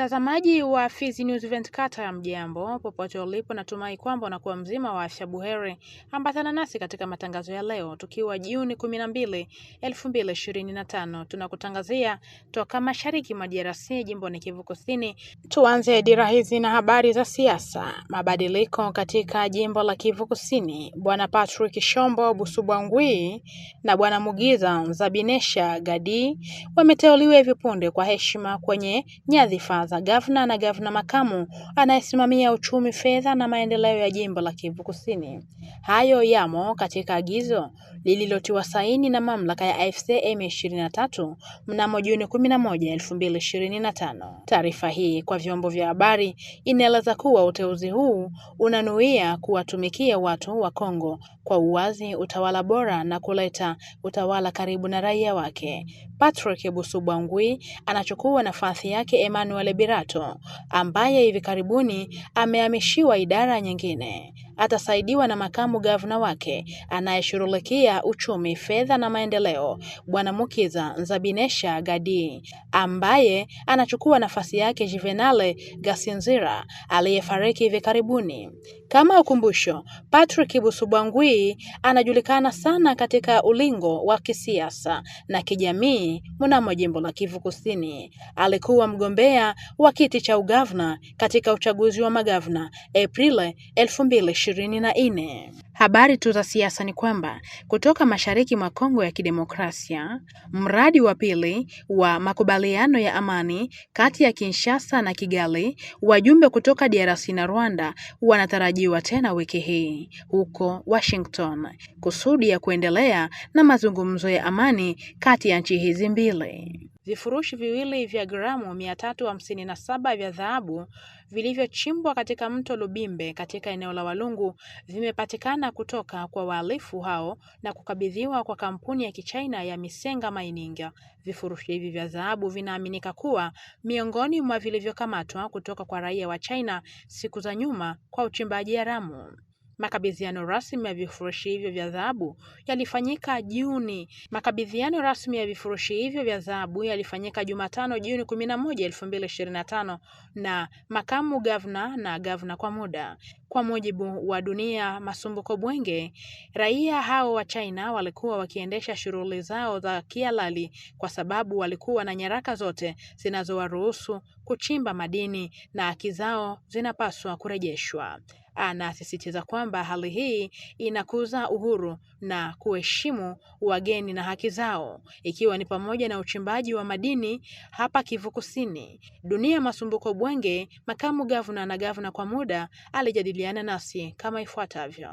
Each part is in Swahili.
Mtazamaji wa Fizi News Event Kata ya mjambo, popote ulipo, natumai kwamba unakuwa mzima wa afya buheri. Ambatana nasi katika matangazo ya leo, tukiwa Juni 12, 2025. Tunakutangazia toka mashariki mwa DRC, ni Kivu Kusini. Tuanze dira hizi na habari za siasa. Mabadiliko katika jimbo la Kivu Kusini, Bwana Patrick Shombo Busubwangwi na Bwana Mugiza Nzabinesha Gadi wameteuliwa hivi punde kwa heshima kwenye nyadhifa za gavana na gavana makamu anayesimamia uchumi, fedha na maendeleo ya jimbo la Kivu Kusini. Hayo yamo katika agizo lililotiwa saini na mamlaka ya AFC M23 mnamo Juni 11, 2025. Taarifa hii kwa vyombo vya habari inaeleza kuwa uteuzi huu unanuia kuwatumikia watu wa Kongo kwa uwazi, utawala bora na kuleta utawala karibu na raia wake. Patrick Busubangui anachukua nafasi yake Emmanuel Liberato ambaye hivi karibuni amehamishiwa idara nyingine. Atasaidiwa na makamu gavana wake anayeshughulikia uchumi, fedha na maendeleo, Bwana Mukiza Nzabinesha Gadi ambaye anachukua nafasi yake Juvenale Gasinzira aliyefariki hivi karibuni. Kama ukumbusho, Patrick Busubwangwi anajulikana sana katika ulingo wa kisiasa na kijamii mnamo jimbo la Kivu Kusini. Alikuwa mgombea wa kiti cha ugavana katika uchaguzi wa magavana Aprili 2024. Habari tu za siasa ni kwamba kutoka mashariki mwa Kongo ya Kidemokrasia, mradi wa pili wa makubaliano ya amani kati ya Kinshasa na Kigali, wajumbe kutoka DRC na Rwanda wanatarajiwa tena wiki hii huko Washington kusudi ya kuendelea na mazungumzo ya amani kati ya nchi hizi mbili. Vifurushi viwili vya gramu 357 vya dhahabu vilivyochimbwa katika mto Lubimbe katika eneo la Walungu vimepatikana kutoka kwa wahalifu hao na kukabidhiwa kwa kampuni ya Kichina ya Misenga Mining. Vifurushi hivi vya dhahabu vinaaminika kuwa miongoni mwa vilivyokamatwa kutoka kwa raia wa China siku za nyuma kwa uchimbaji haramu. Makabidhiano rasmi ya vifurushi hivyo vya dhahabu yalifanyika Juni. Makabidhiano rasmi ya vifurushi hivyo vya dhahabu yalifanyika Jumatano Juni 11, 2025 na makamu gavana na gavana kwa muda. Kwa mujibu wa Dunia Masumbuko Bwenge, raia hao wa China walikuwa wakiendesha shughuli zao za kihalali kwa sababu walikuwa na nyaraka zote zinazowaruhusu kuchimba madini na haki zao zinapaswa kurejeshwa. Anasisitiza kwamba hali hii inakuza uhuru na kuheshimu wageni na haki zao, ikiwa ni pamoja na uchimbaji wa madini hapa Kivu Kusini. Dunia Masumbuko Bwenge, makamu gavana na gavana kwa muda, alijadiliana nasi kama ifuatavyo.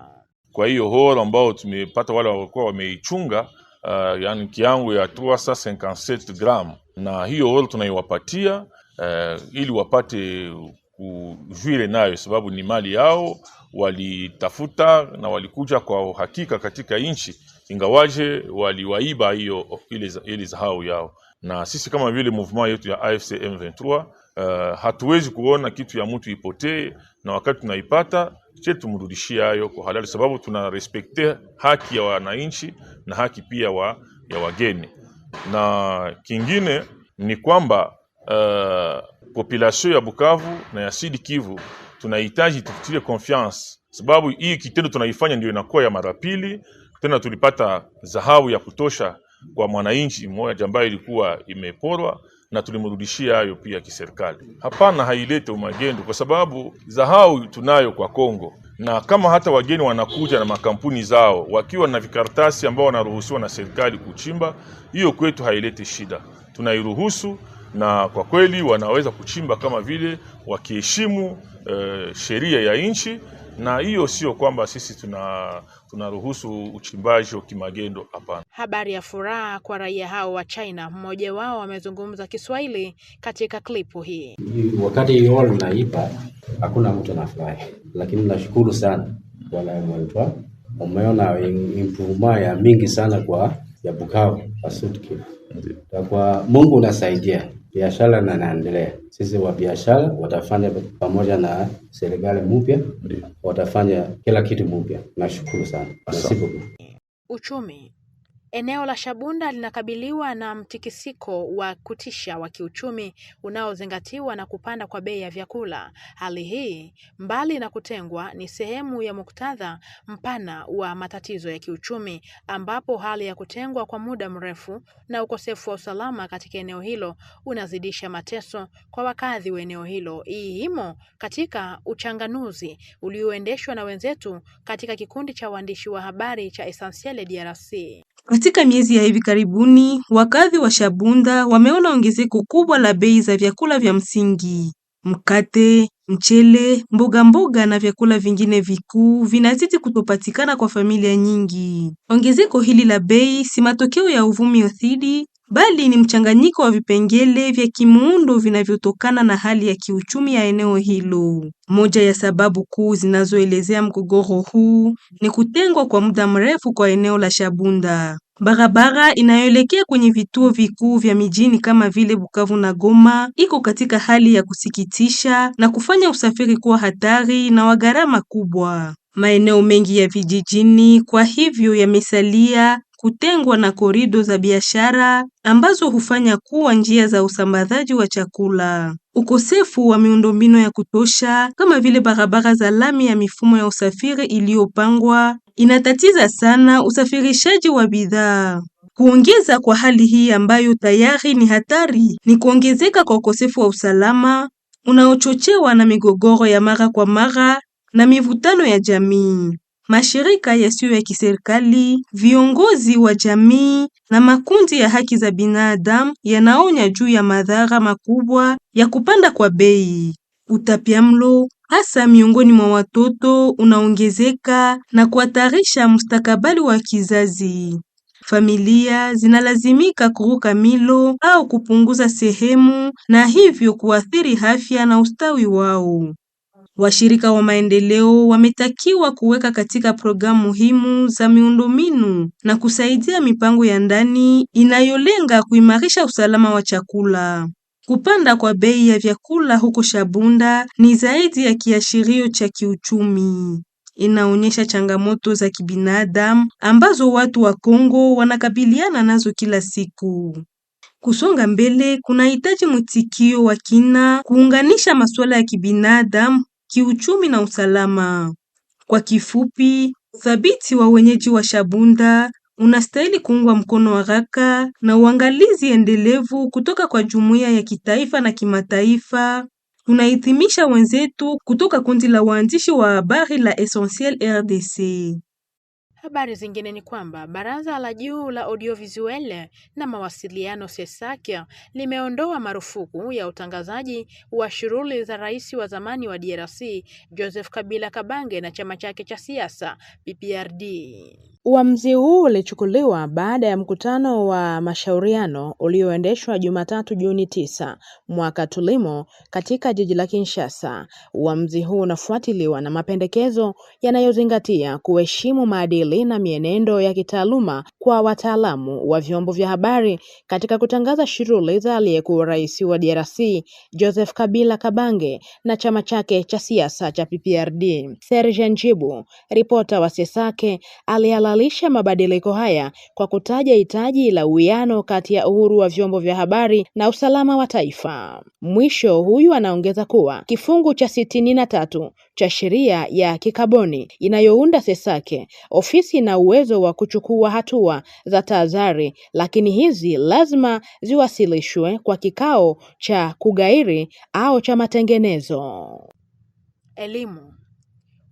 Kwa hiyo horo ambao tumepata wale walikuwa wameichunga Uh, yani kiango ya 357 gram na hiyo horo tunaiwapatia uh, ili wapate kujuire nayo, sababu ni mali yao, walitafuta na walikuja kwa uhakika katika nchi, ingawaje waliwaiba hiyo ile zahau yao. Na sisi kama vile movement yetu ya AFC M23 uh, hatuwezi kuona kitu ya mtu ipotee, na wakati tunaipata che tumrudishie hayo kwa halali, sababu tuna respekte haki ya wananchi na haki pia wa, ya wageni. Na kingine ni kwamba uh, population ya Bukavu na ya Sud Kivu tunahitaji tutie confiance, sababu hii kitendo tunaifanya ndio inakuwa ya mara pili tena. Tulipata dhahabu ya kutosha kwa mwananchi mmoja ambaye ilikuwa imeporwa na tulimrudishia hayo pia kiserikali. Hapana, hailete umagendo kwa sababu dhahabu tunayo kwa Kongo, na kama hata wageni wanakuja na makampuni zao wakiwa na vikaratasi ambao wanaruhusiwa na serikali kuchimba, hiyo kwetu hailete shida, tunairuhusu na kwa kweli wanaweza kuchimba kama vile wakiheshimu e, sheria ya nchi, na hiyo sio kwamba sisi tuna tunaruhusu uchimbaji wa kimagendo hapana. Habari ya furaha kwa raia hao wa China, mmoja wao amezungumza Kiswahili katika klipu hii. Wakati hiyo naipa, hakuna mtu anafurahi, lakini nashukuru sana wanaemwetwa, umeona improvement ya mingi sana kwa ya Bukavu, kwa kwa Mungu unasaidia biashara na naendelea. Sisi wa biashara watafanya pamoja na serikali mpya, watafanya kila kitu mpya. Nashukuru sana. Uchumi Eneo la Shabunda linakabiliwa na mtikisiko wa kutisha wa kiuchumi unaozingatiwa na kupanda kwa bei ya vyakula. Hali hii, mbali na kutengwa, ni sehemu ya muktadha mpana wa matatizo ya kiuchumi, ambapo hali ya kutengwa kwa muda mrefu na ukosefu wa usalama katika eneo hilo unazidisha mateso kwa wakazi wa eneo hilo. Hii imo katika uchanganuzi ulioendeshwa na wenzetu katika kikundi cha waandishi wa habari cha Essentiel DRC. Katika miezi ya hivi karibuni, wakazi wa Shabunda wameona ongezeko kubwa la bei za vyakula vya msingi. Mkate, mchele, mboga mboga na vyakula vingine vikuu vinazidi kutopatikana kwa familia nyingi. Ongezeko hili la bei si matokeo ya uvumi othidi, bali ni mchanganyiko wa vipengele vya kimuundo vinavyotokana na hali ya kiuchumi ya eneo hilo. Moja ya sababu kuu zinazoelezea mgogoro huu ni kutengwa kwa muda mrefu kwa eneo la Shabunda. Barabara inayoelekea kwenye vituo vikuu vya mijini kama vile Bukavu na Goma iko katika hali ya kusikitisha na kufanya usafiri kuwa hatari na wa gharama kubwa. Maeneo mengi ya vijijini kwa hivyo yamesalia kutengwa na korido za biashara ambazo hufanya kuwa njia za usambazaji wa chakula. Ukosefu wa miundombinu ya kutosha kama vile barabara za lami ya mifumo ya usafiri iliyopangwa inatatiza sana usafirishaji wa bidhaa. Kuongeza kwa hali hii ambayo tayari ni hatari ni kuongezeka kwa ukosefu wa usalama unaochochewa na migogoro ya mara kwa mara na mivutano ya jamii mashirika yasiyo ya kiserikali, viongozi wa jamii na makundi ya haki za binadamu yanaonya juu ya madhara makubwa ya kupanda kwa bei. Utapiamlo hasa miongoni mwa watoto unaongezeka na kuhatarisha mustakabali wa kizazi. Familia zinalazimika kuruka milo au kupunguza sehemu na hivyo kuathiri afya na ustawi wao. Washirika wa maendeleo wametakiwa kuweka katika programu muhimu za miundombinu na kusaidia mipango ya ndani inayolenga kuimarisha usalama wa chakula. Kupanda kwa bei ya vyakula huko Shabunda ni zaidi ya kiashirio cha kiuchumi. Inaonyesha changamoto za kibinadamu ambazo watu wa Kongo wanakabiliana nazo kila siku. Kusonga mbele kunahitaji mwitikio wa kina, kuunganisha masuala ya kibinadamu kiuchumi na usalama. Kwa kifupi, thabiti wa wenyeji wa Shabunda unastahili kuungwa mkono haraka na uangalizi endelevu kutoka kwa jumuiya ya kitaifa na kimataifa. Tunahitimisha wenzetu kutoka kundi la waandishi wa habari la Essentiel RDC. Habari zingine ni kwamba Baraza la Juu la Audiovisuel na Mawasiliano SESAKIA limeondoa marufuku ya utangazaji wa shughuli za rais wa zamani wa DRC Joseph Kabila Kabange na chama chake cha siasa PPRD. Uamuzi huu ulichukuliwa baada ya mkutano wa mashauriano ulioendeshwa Jumatatu Juni tisa mwaka tulimo katika jiji la Kinshasa. Uamuzi huu unafuatiliwa na mapendekezo yanayozingatia kuheshimu maadili na mienendo ya kitaaluma kwa wataalamu wa vyombo vya habari katika kutangaza shughuli za aliyekuwa rais wa DRC Joseph Kabila Kabange na chama chake cha siasa cha PPRD. Serge Njibu, ripota wa Sesake, aliala kuhalalisha mabadiliko haya kwa kutaja hitaji la uwiano kati ya uhuru wa vyombo vya habari na usalama wa taifa. Mwisho, huyu anaongeza kuwa kifungu cha sitini na tatu cha sheria ya kikaboni inayounda Sesake, ofisi ina uwezo wa kuchukua hatua za tahadhari, lakini hizi lazima ziwasilishwe kwa kikao cha kugairi au cha matengenezo. Elimu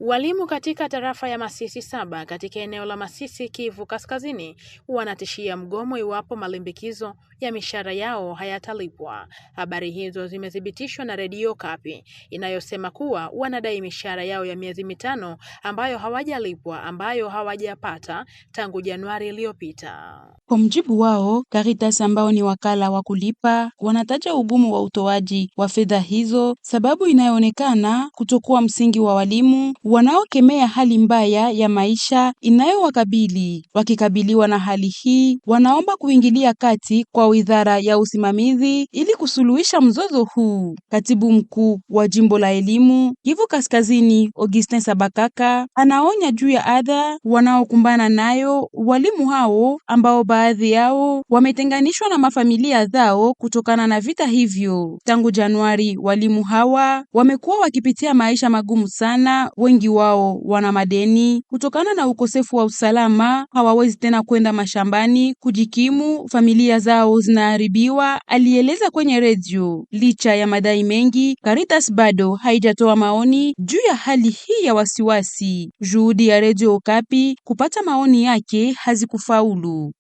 Walimu katika tarafa ya Masisi saba katika eneo la Masisi, Kivu Kaskazini wanatishia mgomo iwapo malimbikizo ya mishahara yao hayatalipwa. Habari hizo zimethibitishwa na Redio Kapi inayosema kuwa wanadai mishahara yao ya miezi mitano ambayo hawajalipwa, ambayo hawajapata tangu Januari iliyopita. Kwa mjibu wao, Caritas ambao ni wakala wa kulipa wanataja ugumu wa utoaji wa fedha hizo, sababu inayoonekana kutokuwa msingi wa walimu wanaokemea hali mbaya ya maisha inayowakabili. Wakikabiliwa na hali hii, wanaomba kuingilia kati kwa wa Wizara ya Usimamizi ili kusuluhisha mzozo huu. Katibu mkuu wa Jimbo la Elimu Kivu Kaskazini, Augustin Sabakaka, anaonya juu ya adha wanaokumbana nayo walimu hao ambao baadhi yao wametenganishwa na mafamilia zao kutokana na vita hivyo. Tangu Januari, walimu hawa wamekuwa wakipitia maisha magumu sana. Wengi wao wana madeni kutokana na ukosefu wa usalama, hawawezi tena kwenda mashambani kujikimu familia zao zao zinaharibiwa, alieleza kwenye redio. Licha ya madai mengi, Caritas bado haijatoa maoni juu ya hali hii ya wasiwasi. Juhudi ya redio Okapi kupata maoni yake hazikufaulu.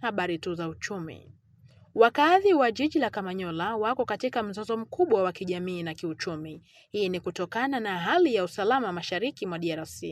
Habari tu za uchumi. Wakazi wa jiji la Kamanyola wako katika mzozo mkubwa wa kijamii na kiuchumi. Hii ni kutokana na hali ya usalama mashariki mwa DRC.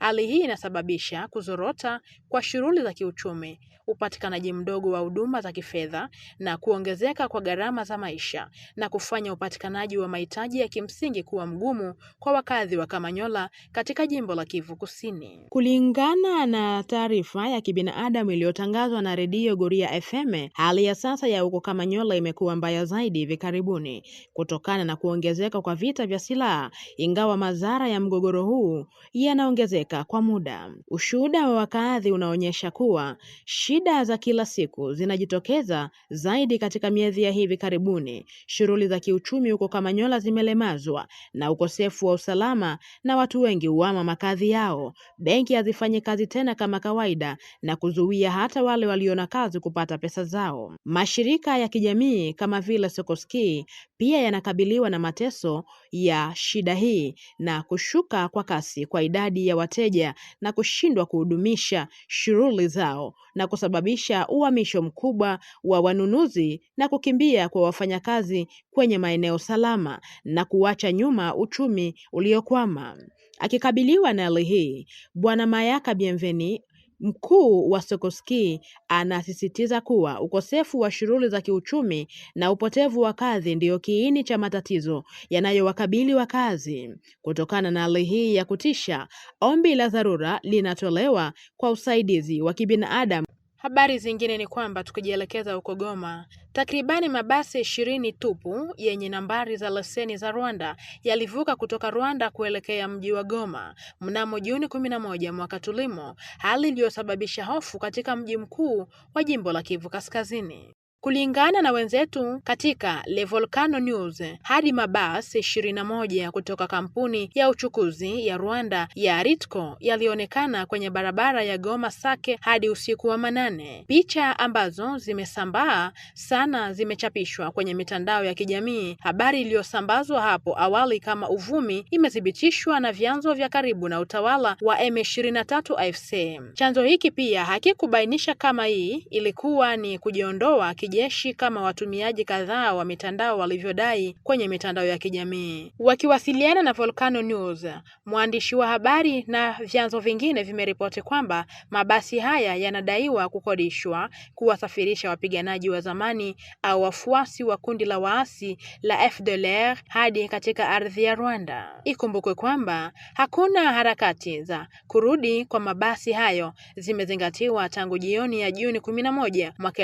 Hali hii inasababisha kuzorota kwa shughuli za kiuchumi, upatikanaji mdogo wa huduma za kifedha na kuongezeka kwa gharama za maisha na kufanya upatikanaji wa mahitaji ya kimsingi kuwa mgumu kwa wakazi wa Kamanyola katika jimbo la Kivu Kusini. Kulingana na taarifa ya kibinadamu iliyotangazwa na redio Goria FM, hali ya sasa siasa ya huko Kamanyola imekuwa mbaya zaidi hivi karibuni kutokana na kuongezeka kwa vita vya silaha, ingawa madhara ya mgogoro huu yanaongezeka kwa muda. Ushuhuda wa wakaadhi unaonyesha kuwa shida za kila siku zinajitokeza zaidi katika miezi ya hivi karibuni. Shughuli za kiuchumi huko Kamanyola zimelemazwa na ukosefu wa usalama, na watu wengi huama makazi yao. Benki hazifanyi kazi tena kama kawaida na kuzuia hata wale walio na kazi kupata pesa zao. Mash Mashirika ya kijamii kama vile Sokoski pia yanakabiliwa na mateso ya shida hii na kushuka kwa kasi kwa idadi ya wateja na kushindwa kuhudumisha shughuli zao na kusababisha uhamisho mkubwa wa wanunuzi na kukimbia kwa wafanyakazi kwenye maeneo salama na kuacha nyuma uchumi uliokwama. Akikabiliwa na hali hii, Bwana Mayaka Bienveni Mkuu wa Sokoski anasisitiza kuwa ukosefu wa shughuli za kiuchumi na upotevu wa kazi ndiyo kiini cha matatizo yanayowakabili wakazi. Kutokana na hali hii ya kutisha, ombi la dharura linatolewa kwa usaidizi wa kibinadamu. Habari zingine ni kwamba tukijielekeza huko Goma, takribani mabasi ishirini tupu yenye nambari za leseni za Rwanda yalivuka kutoka Rwanda kuelekea mji wa Goma mnamo Juni 11 mwaka tulimo, hali iliyosababisha hofu katika mji mkuu wa jimbo la Kivu Kaskazini. Kulingana na wenzetu katika Le Volcano News, hadi mabasi ishirini na moja kutoka kampuni ya uchukuzi ya Rwanda ya Ritco yalionekana kwenye barabara ya Goma Sake hadi usiku wa manane. Picha ambazo zimesambaa sana zimechapishwa kwenye mitandao ya kijamii. Habari iliyosambazwa hapo awali kama uvumi imethibitishwa na vyanzo vya karibu na utawala wa M23 AFC. Chanzo hiki pia hakikubainisha kama hii ilikuwa ni kujiondoa wanajeshi kama watumiaji kadhaa wa mitandao walivyodai kwenye mitandao ya kijamii. Wakiwasiliana na Volcano News, mwandishi wa habari na vyanzo vingine vimeripoti kwamba mabasi haya yanadaiwa kukodishwa kuwasafirisha wapiganaji wa zamani au wafuasi wa kundi la waasi la FDLR hadi katika ardhi ya Rwanda. Ikumbukwe kwamba hakuna harakati za kurudi kwa mabasi hayo zimezingatiwa tangu jioni ya Juni 11 mwaka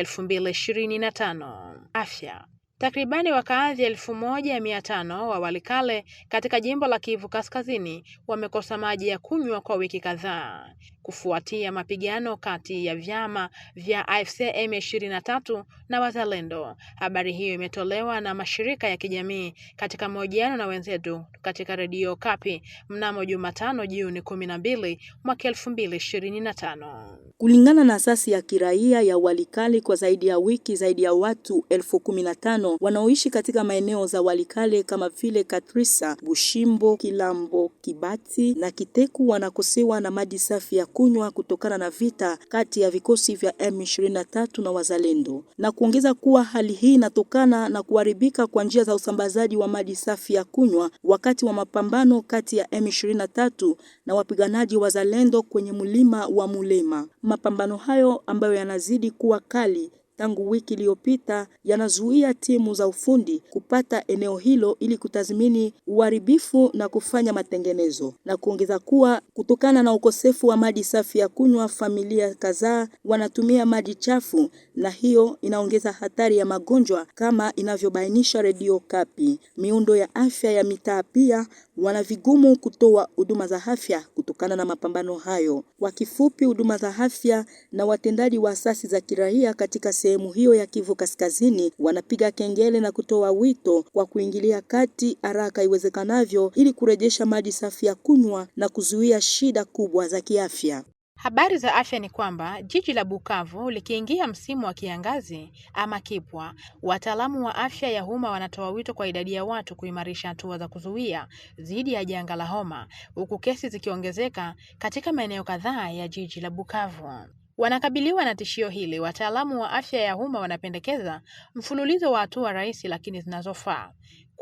15. afya. Takribani wakaazi elfu moja mia tano wa Walikale katika jimbo la Kivu Kaskazini wamekosa maji ya kunywa kwa wiki kadhaa kufuatia mapigano kati ya vyama vya AFC M23 na Wazalendo. Habari hiyo imetolewa na mashirika ya kijamii katika mahojiano na wenzetu katika redio Kapi mnamo Jumatano Juni 12 mwaka 2025. Kulingana na asasi ya kiraia ya Walikale, kwa zaidi ya wiki zaidi ya watu elfu kumi na tano maeneo wanaoishi katika maeneo za Walikale kama vile Katrisa, Bushimbo, Kilambo, Kibati na Kiteku wanakosewa na maji safi ya kunywa kutokana na vita kati ya vikosi vya M23 na wazalendo, na kuongeza kuwa hali hii inatokana na kuharibika kwa njia za usambazaji wa maji safi ya kunywa wakati wa mapambano kati ya M23 na wapiganaji wazalendo kwenye mlima wa Mulema. Mapambano hayo ambayo yanazidi kuwa kali tangu wiki iliyopita yanazuia timu za ufundi kupata eneo hilo ili kutathmini uharibifu na kufanya matengenezo, na kuongeza kuwa kutokana na ukosefu wa maji safi ya kunywa, familia kadhaa wanatumia maji chafu, na hiyo inaongeza hatari ya magonjwa kama inavyobainisha redio Kapi. Miundo ya afya ya mitaa pia wana vigumu kutoa huduma za afya kutokana na mapambano hayo. Kwa kifupi, huduma za afya na watendaji wa asasi za kiraia katika sehemu hiyo ya Kivu Kaskazini wanapiga kengele na kutoa wito kwa kuingilia kati haraka iwezekanavyo ili kurejesha maji safi ya kunywa na kuzuia shida kubwa za kiafya. Habari za afya ni kwamba jiji la Bukavu likiingia msimu wa kiangazi ama kipwa, wataalamu wa afya ya umma wanatoa wito kwa idadi ya watu kuimarisha hatua za kuzuia dhidi ya janga la homa, huku kesi zikiongezeka katika maeneo kadhaa ya jiji la Bukavu. Wanakabiliwa na tishio hili, wataalamu wa afya ya umma wanapendekeza mfululizo wa hatua rahisi lakini zinazofaa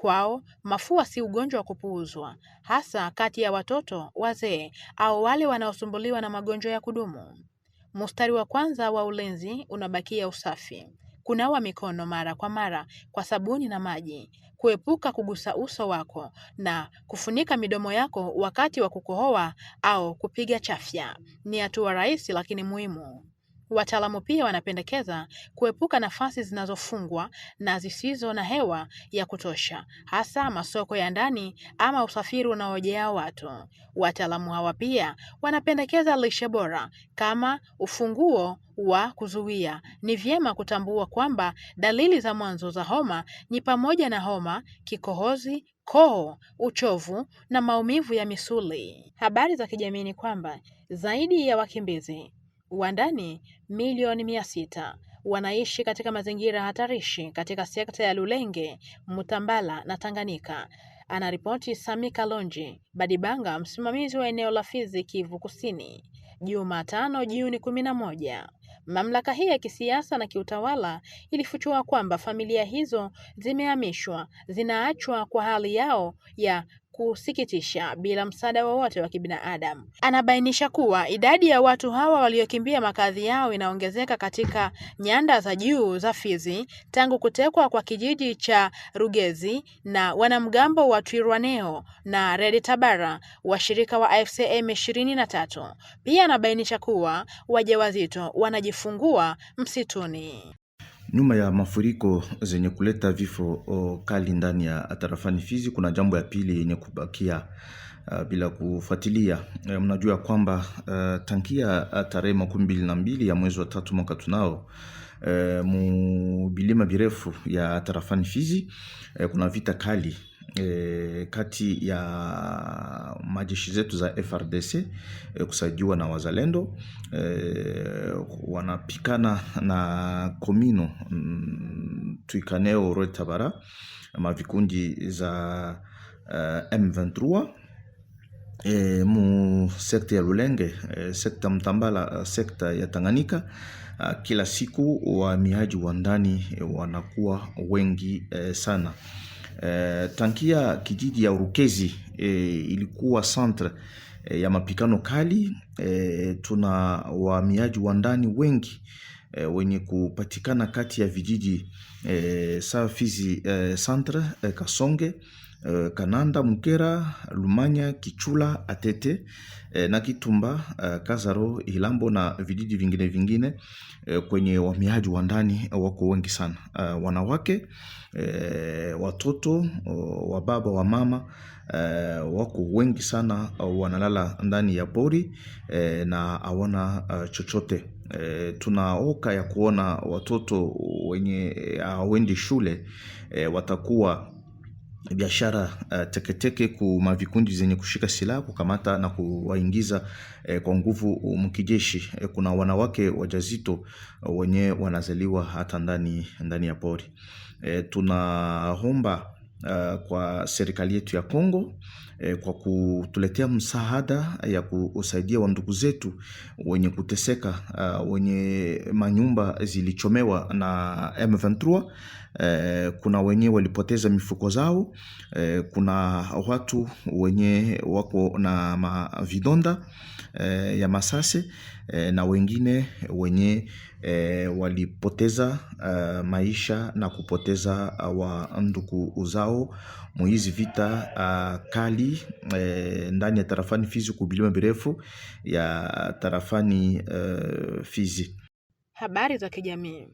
Kwao mafua si ugonjwa wa kupuuzwa, hasa kati ya watoto, wazee au wale wanaosumbuliwa na magonjwa ya kudumu. Mstari wa kwanza wa ulinzi unabakia usafi: kunawa mikono mara kwa mara kwa sabuni na maji, kuepuka kugusa uso wako na kufunika midomo yako wakati wa kukohoa au kupiga chafya. Ni hatua rahisi lakini muhimu. Wataalamu pia wanapendekeza kuepuka nafasi zinazofungwa na zisizo na hewa ya kutosha, hasa masoko ya ndani ama usafiri unaojaa watu. Wataalamu hawa pia wanapendekeza lishe bora kama ufunguo wa kuzuia. Ni vyema kutambua kwamba dalili za mwanzo za homa ni pamoja na homa, kikohozi, koo, uchovu na maumivu ya misuli. Habari za kijamii ni kwamba zaidi ya wakimbizi wa ndani milioni mia sita wanaishi katika mazingira hatarishi katika sekta ya Lulenge, Mutambala na Tanganyika, anaripoti Sami Kalonji Badibanga, msimamizi wa eneo la Fizi, Kivu Kusini, Jumatano Juni kumi na moja. Mamlaka hii ya kisiasa na kiutawala ilifichua kwamba familia hizo zimehamishwa, zinaachwa kwa hali yao ya kusikitisha bila msaada wowote wa, wa kibinadamu. Anabainisha kuwa idadi ya watu hawa waliokimbia makazi yao inaongezeka katika nyanda za juu za Fizi tangu kutekwa kwa kijiji cha Rugezi na wanamgambo wa Twirwaneho na Red Tabara washirika wa AFC M ishirini na tatu. Pia anabainisha kuwa wajawazito wana yanajifungua msituni. Nyuma ya mafuriko zenye kuleta vifo kali ndani ya tarafani Fizi, kuna jambo ya pili yenye kubakia uh, bila kufuatilia e, mnajua kwamba uh, e, tankia tarehe makumi mbili na mbili ya mwezi wa tatu mwaka tunao e, mubilima virefu ya tarafani Fizi e, kuna vita kali e, kati ya majeshi zetu za FRDC e, eh, kusaidiwa na wazalendo e, wanapikana na komino mm, tuikaneo Roi Tabara vikundi za uh, M23 E, mu sekta ya Lulenge e, sekta Mtambala, sekta ya Tanganyika. Ah, kila siku wahamiaji wa ndani wanakuwa wengi e, sana. E, tankia kijiji ya Urukezi e, ilikuwa centre e, ya mapigano kali e, tuna wahamiaji wa ndani wengi e, wenye kupatikana kati ya vijiji e, Safizi e, centre e, Kasonge e, Kananda, Mukera, Lumanya, Kichula, Atete e, eh, na Kitumba e, eh, Kazaro, Ilambo na vijiji vingine vingine e, kwenye wahamiaji wa ndani wako wengi sana e, wanawake e, watoto wa baba wa mama e, wako wengi sana wanalala ndani ya pori e, na hawana chochote. E, tunaoka ya kuona watoto wenye hawendi shule e, watakuwa biashara uh, teketeke kuma vikundi zenye kushika silaha kukamata na kuwaingiza uh, kwa nguvu mkijeshi. Uh, kuna wanawake wajazito wenye wanazaliwa hata ndani ndani ya pori. Uh, tunaomba uh, kwa serikali yetu ya Kongo eh, kwa kutuletea msaada eh, ya kusaidia wandugu zetu wenye kuteseka, uh, wenye manyumba zilichomewa na M23. Eh, kuna wenye walipoteza mifuko zao eh, kuna watu wenye wako na mavidonda ya masase na wengine wenye e, walipoteza uh, maisha na kupoteza uh, wa ndugu uzao muhizi vita uh, kali e, ndani ya tarafani Fizi kubilima birefu ya tarafani uh, Fizi. Habari za kijamii.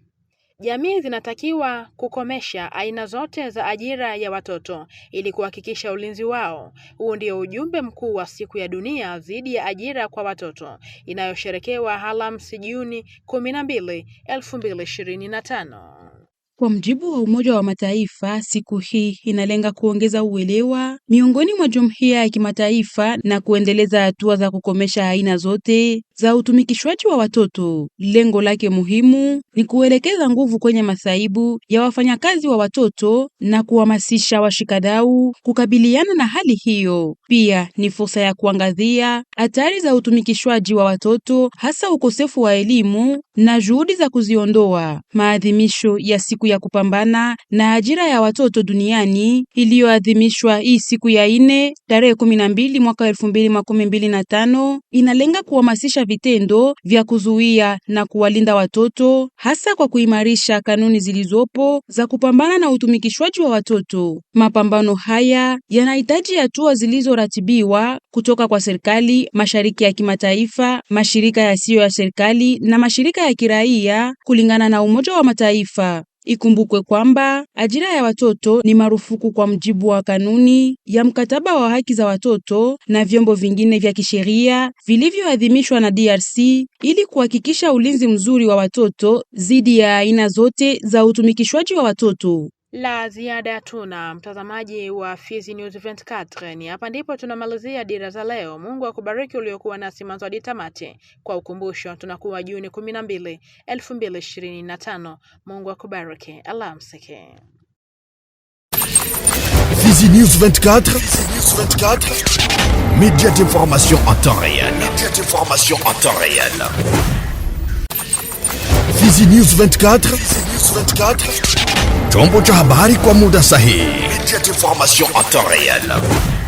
Jamii zinatakiwa kukomesha aina zote za ajira ya watoto ili kuhakikisha ulinzi wao. Huu ndio ujumbe mkuu wa Siku ya Dunia dhidi ya Ajira kwa Watoto inayosherekewa Alhamisi, Juni 12, 2025. Kwa mjibu wa Umoja wa Mataifa, siku hii inalenga kuongeza uelewa miongoni mwa jumuiya ya kimataifa na kuendeleza hatua za kukomesha aina zote za utumikishwaji wa watoto. Lengo lake muhimu ni kuelekeza nguvu kwenye masaibu ya wafanyakazi wa watoto na kuhamasisha washikadau kukabiliana na hali hiyo. Pia ni fursa ya kuangazia hatari za utumikishwaji wa watoto, hasa ukosefu wa elimu na juhudi za kuziondoa. Maadhimisho ya siku ya kupambana na ajira ya watoto duniani iliyoadhimishwa hii siku ya nne tarehe 12 mwaka 2025 inalenga kuhamasisha vitendo vya kuzuia na kuwalinda watoto, hasa kwa kuimarisha kanuni zilizopo za kupambana na utumikishwaji wa watoto. Mapambano haya yanahitaji hatua zilizoratibiwa kutoka kwa serikali, mashariki ya kimataifa, mashirika yasiyo ya serikali na mashirika ya kiraia kulingana na Umoja wa Mataifa. Ikumbukwe kwamba ajira ya watoto ni marufuku kwa mjibu wa kanuni ya mkataba wa haki za watoto na vyombo vingine vya kisheria vilivyoadhimishwa na DRC ili kuhakikisha ulinzi mzuri wa watoto dhidi ya aina zote za utumikishwaji wa watoto la ziada tuna mtazamaji wa Fizi News 24. Ni hapa ndipo tunamalizia dira za leo. Mungu akubariki uliokuwa nasi mwanzo hadi tamati. Kwa ukumbusho, tunakuwa Juni 12, 2025. Mungu akubariki. Alamsiki. Fizi News 24. Fizi News 24. Média d'information en temps réel. Media d'information en temps réel. Fizi News 24. Fizi News 24 chombo cha habari kwa muda sahihi, information en temps réel